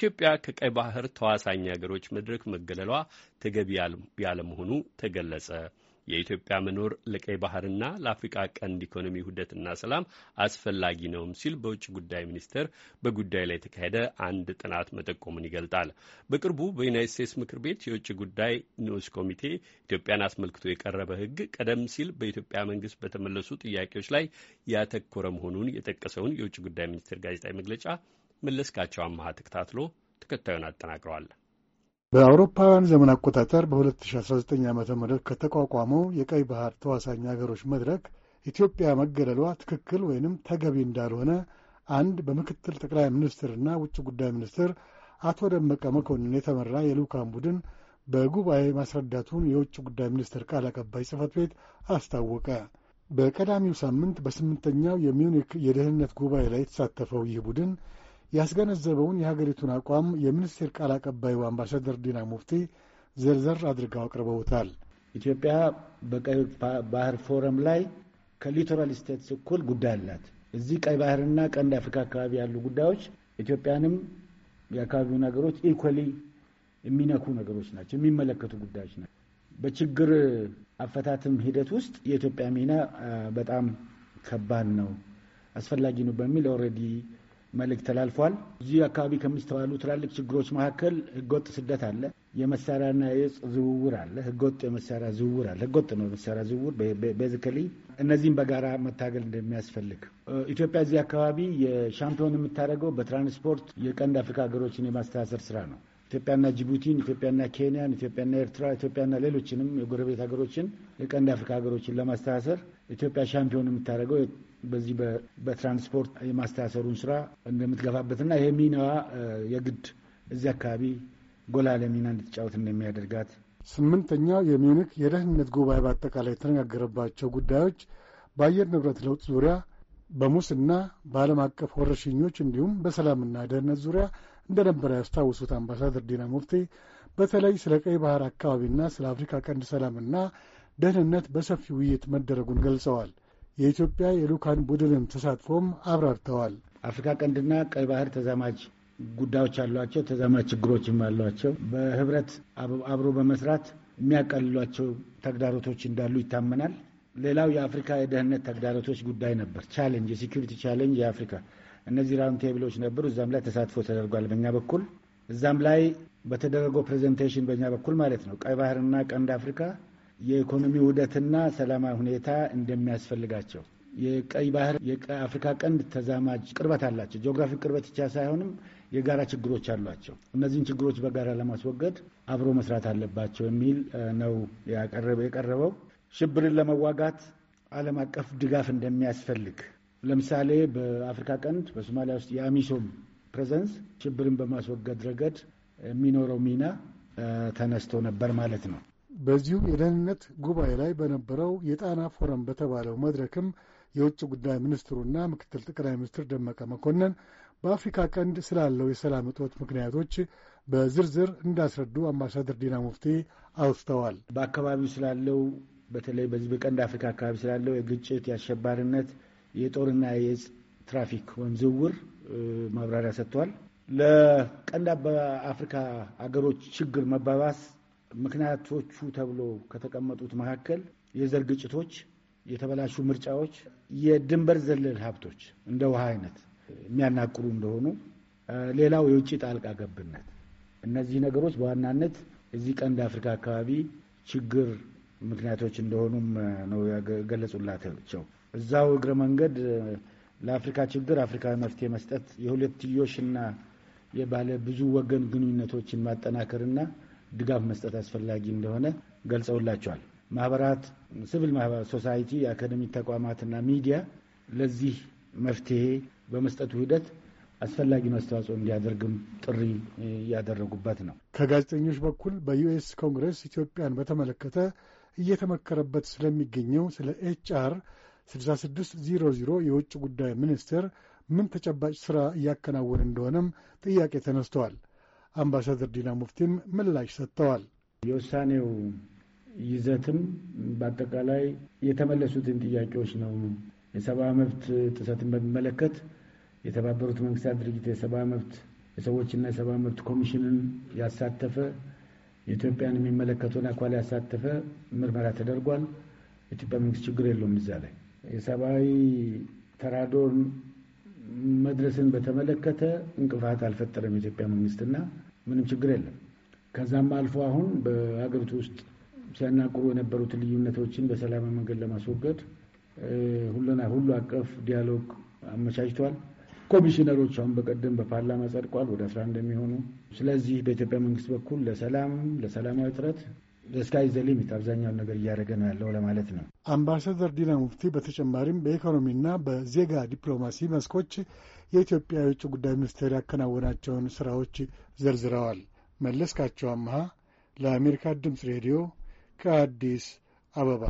ኢትዮጵያ ከቀይ ባህር ተዋሳኝ ሀገሮች መድረክ መገለሏ ተገቢ ያለመሆኑ ተገለጸ። የኢትዮጵያ መኖር ለቀይ ባህርና ለአፍሪቃ ቀንድ ኢኮኖሚ ውህደትና ሰላም አስፈላጊ ነውም ሲል በውጭ ጉዳይ ሚኒስቴር በጉዳዩ ላይ የተካሄደ አንድ ጥናት መጠቆሙን ይገልጣል። በቅርቡ በዩናይት ስቴትስ ምክር ቤት የውጭ ጉዳይ ንዑስ ኮሚቴ ኢትዮጵያን አስመልክቶ የቀረበ ሕግ ቀደም ሲል በኢትዮጵያ መንግስት በተመለሱ ጥያቄዎች ላይ ያተኮረ መሆኑን የጠቀሰውን የውጭ ጉዳይ ሚኒስቴር ጋዜጣዊ መግለጫ መለስካቸው አመሃ ተከታትሎ ተከታዩን አጠናቅረዋል። በአውሮፓውያን ዘመን አቆጣጠር በ2019 ዓ ም ከተቋቋመው የቀይ ባህር ተዋሳኝ ሀገሮች መድረክ ኢትዮጵያ መገለሏ ትክክል ወይንም ተገቢ እንዳልሆነ አንድ በምክትል ጠቅላይ ሚኒስትርና ውጭ ጉዳይ ሚኒስትር አቶ ደመቀ መኮንን የተመራ የልዑካን ቡድን በጉባኤ ማስረዳቱን የውጭ ጉዳይ ሚኒስትር ቃል አቀባይ ጽህፈት ቤት አስታወቀ። በቀዳሚው ሳምንት በስምንተኛው የሚዩኒክ የደህንነት ጉባኤ ላይ የተሳተፈው ይህ ቡድን ያስገነዘበውን የሀገሪቱን አቋም የሚኒስቴር ቃል አቀባዩ አምባሳደር ዲና ሙፍቲ ዘርዘር አድርገው አቅርበውታል። ኢትዮጵያ በቀይ ባህር ፎረም ላይ ከሊቶራል ስቴትስ እኩል ጉዳይ አላት። እዚህ ቀይ ባህርና ቀንድ አፍሪካ አካባቢ ያሉ ጉዳዮች ኢትዮጵያንም የአካባቢው ነገሮች ኢኮሊ የሚነኩ ነገሮች ናቸው፣ የሚመለከቱ ጉዳዮች ናቸው። በችግር አፈታትም ሂደት ውስጥ የኢትዮጵያ ሚና በጣም ከባድ ነው፣ አስፈላጊ ነው በሚል ኦልሬዲ መልእክት ተላልፏል። እዚህ አካባቢ ከሚስተዋሉ ትላልቅ ችግሮች መካከል ህገወጥ ስደት አለ። የመሳሪያና የእጽ ዝውውር አለ። ህገወጥ የመሳሪያ ዝውውር አለ። ህገወጥ ነው የመሳሪያ ዝውውር ቤዚካሊ። እነዚህም በጋራ መታገል እንደሚያስፈልግ ኢትዮጵያ እዚህ አካባቢ የሻምፒዮን የምታደርገው በትራንስፖርት የቀንድ አፍሪካ ሀገሮችን የማስተሳሰር ስራ ነው። ኢትዮጵያና ጅቡቲን፣ ኢትዮጵያና ኬንያን፣ ኢትዮጵያና ኤርትራ፣ ኢትዮጵያና ሌሎችንም የጎረቤት ሀገሮችን የቀንድ አፍሪካ ሀገሮችን ለማስተሳሰር ኢትዮጵያ ሻምፒዮን የምታደርገው በዚህ በትራንስፖርት የማስተሳሰሩን ስራ እንደምትገፋበትና ይሄ ሚናዋ የግድ እዚህ አካባቢ ጎላ ለሚና እንድትጫወት እንደሚያደርጋት ስምንተኛው የሚኒክ የደህንነት ጉባኤ በአጠቃላይ የተነጋገረባቸው ጉዳዮች በአየር ንብረት ለውጥ ዙሪያ፣ በሙስና፣ በዓለም አቀፍ ወረርሽኞች እንዲሁም በሰላምና ደህንነት ዙሪያ እንደነበረ ያስታውሱት አምባሳደር ዲና ሙፍቲ በተለይ ስለ ቀይ ባህር አካባቢና ስለ አፍሪካ ቀንድ ሰላምና ደህንነት በሰፊ ውይይት መደረጉን ገልጸዋል። የኢትዮጵያ የሉካን ቡድንን ተሳትፎም አብራርተዋል። አፍሪካ ቀንድና ቀይ ባህር ተዛማጅ ጉዳዮች አሏቸው፣ ተዛማጅ ችግሮችም አሏቸው። በህብረት አብሮ በመስራት የሚያቀልሏቸው ተግዳሮቶች እንዳሉ ይታመናል። ሌላው የአፍሪካ የደህንነት ተግዳሮቶች ጉዳይ ነበር። ቻሌንጅ፣ የሴኪሪቲ ቻሌንጅ የአፍሪካ እነዚህ ራውንድ ቴብሎች ነበሩ። እዛም ላይ ተሳትፎ ተደርጓል በእኛ በኩል እዛም ላይ በተደረገው ፕሬዘንቴሽን በእኛ በኩል ማለት ነው። ቀይ ባህርና ቀንድ አፍሪካ የኢኮኖሚ ውህደትና ሰላማዊ ሁኔታ እንደሚያስፈልጋቸው የቀይ ባህር የአፍሪካ ቀንድ ተዛማጅ ቅርበት አላቸው። ጂኦግራፊ ቅርበት ብቻ ሳይሆንም የጋራ ችግሮች አሏቸው። እነዚህን ችግሮች በጋራ ለማስወገድ አብሮ መስራት አለባቸው የሚል ነው የቀረበው። ሽብርን ለመዋጋት ዓለም አቀፍ ድጋፍ እንደሚያስፈልግ ለምሳሌ በአፍሪካ ቀንድ በሶማሊያ ውስጥ የአሚሶም ፕሬዘንስ ሽብርን በማስወገድ ረገድ የሚኖረው ሚና ተነስቶ ነበር ማለት ነው። በዚሁ የደህንነት ጉባኤ ላይ በነበረው የጣና ፎረም በተባለው መድረክም የውጭ ጉዳይ ሚኒስትሩና ምክትል ጠቅላይ ሚኒስትር ደመቀ መኮንን በአፍሪካ ቀንድ ስላለው የሰላም እጦት ምክንያቶች በዝርዝር እንዳስረዱ አምባሳደር ዲና ሙፍቲ አውስተዋል። በአካባቢው ስላለው በተለይ በዚህ በቀንድ አፍሪካ አካባቢ ስላለው የግጭት፣ የአሸባሪነት፣ የጦርና የእጽ ትራፊክ ወይም ዝውውር ማብራሪያ ሰጥቷል። ለቀንድ አፍሪካ አገሮች ችግር መባባስ ምክንያቶቹ ተብሎ ከተቀመጡት መካከል የዘር ግጭቶች፣ የተበላሹ ምርጫዎች፣ የድንበር ዘለል ሀብቶች እንደ ውሃ አይነት የሚያናቅሩ እንደሆኑ፣ ሌላው የውጭ ጣልቃ ገብነት፣ እነዚህ ነገሮች በዋናነት እዚህ ቀንድ አፍሪካ አካባቢ ችግር ምክንያቶች እንደሆኑም ነው የገለጹላቸው። እዛው እግረ መንገድ ለአፍሪካ ችግር አፍሪካዊ መፍትሄ መስጠት የሁለትዮሽና የባለ ብዙ ወገን ግንኙነቶችን ማጠናከርና ድጋፍ መስጠት አስፈላጊ እንደሆነ ገልጸውላቸዋል። ማህበራት፣ ሲቪል ሶሳይቲ፣ የአካደሚክ ተቋማትና ሚዲያ ለዚህ መፍትሄ በመስጠቱ ሂደት አስፈላጊውን አስተዋጽኦ እንዲያደርግም ጥሪ ያደረጉበት ነው። ከጋዜጠኞች በኩል በዩኤስ ኮንግረስ ኢትዮጵያን በተመለከተ እየተመከረበት ስለሚገኘው ስለ ኤችአር 6600 የውጭ ጉዳይ ሚኒስቴር ምን ተጨባጭ ስራ እያከናወነ እንደሆነም ጥያቄ ተነስተዋል። አምባሳደር ዲና ሙፍቲም ምላሽ ሰጥተዋል። የውሳኔው ይዘትም በአጠቃላይ የተመለሱትን ጥያቄዎች ነው። የሰብአዊ መብት ጥሰትን በሚመለከት የተባበሩት መንግስታት ድርጅት የሰብአዊ መብት የሰዎችና የሰብአዊ መብት ኮሚሽንን ያሳተፈ የኢትዮጵያን የሚመለከተውን አኳል ያሳተፈ ምርመራ ተደርጓል። የኢትዮጵያ መንግስት ችግር የለውም እዛ ላይ የሰብአዊ ተራዶን መድረስን በተመለከተ እንቅፋት አልፈጠረም የኢትዮጵያ መንግስትና ምንም ችግር የለም። ከዛም አልፎ አሁን በሀገሪቱ ውስጥ ሲያናቁሩ የነበሩት ልዩነቶችን በሰላማዊ መንገድ ለማስወገድ ሁሉና ሁሉ አቀፍ ዲያሎግ አመቻችቷል። ኮሚሽነሮች አሁን በቀደም በፓርላማ ጸድቋል፣ ወደ አስራ አንድ የሚሆኑ። ስለዚህ በኢትዮጵያ መንግስት በኩል ለሰላም ለሰላማዊ ጥረት ስካይ ዘ ሊሚት አብዛኛውን ነገር እያደረገ ነው ያለው ለማለት ነው። አምባሳደር ዲና ሙፍቲ በተጨማሪም በኢኮኖሚና በዜጋ ዲፕሎማሲ መስኮች የኢትዮጵያ የውጭ ጉዳይ ሚኒስቴር ያከናወናቸውን ስራዎች ዘርዝረዋል። መለስካቸው አምሃ ለአሜሪካ ድምፅ ሬዲዮ ከአዲስ አበባ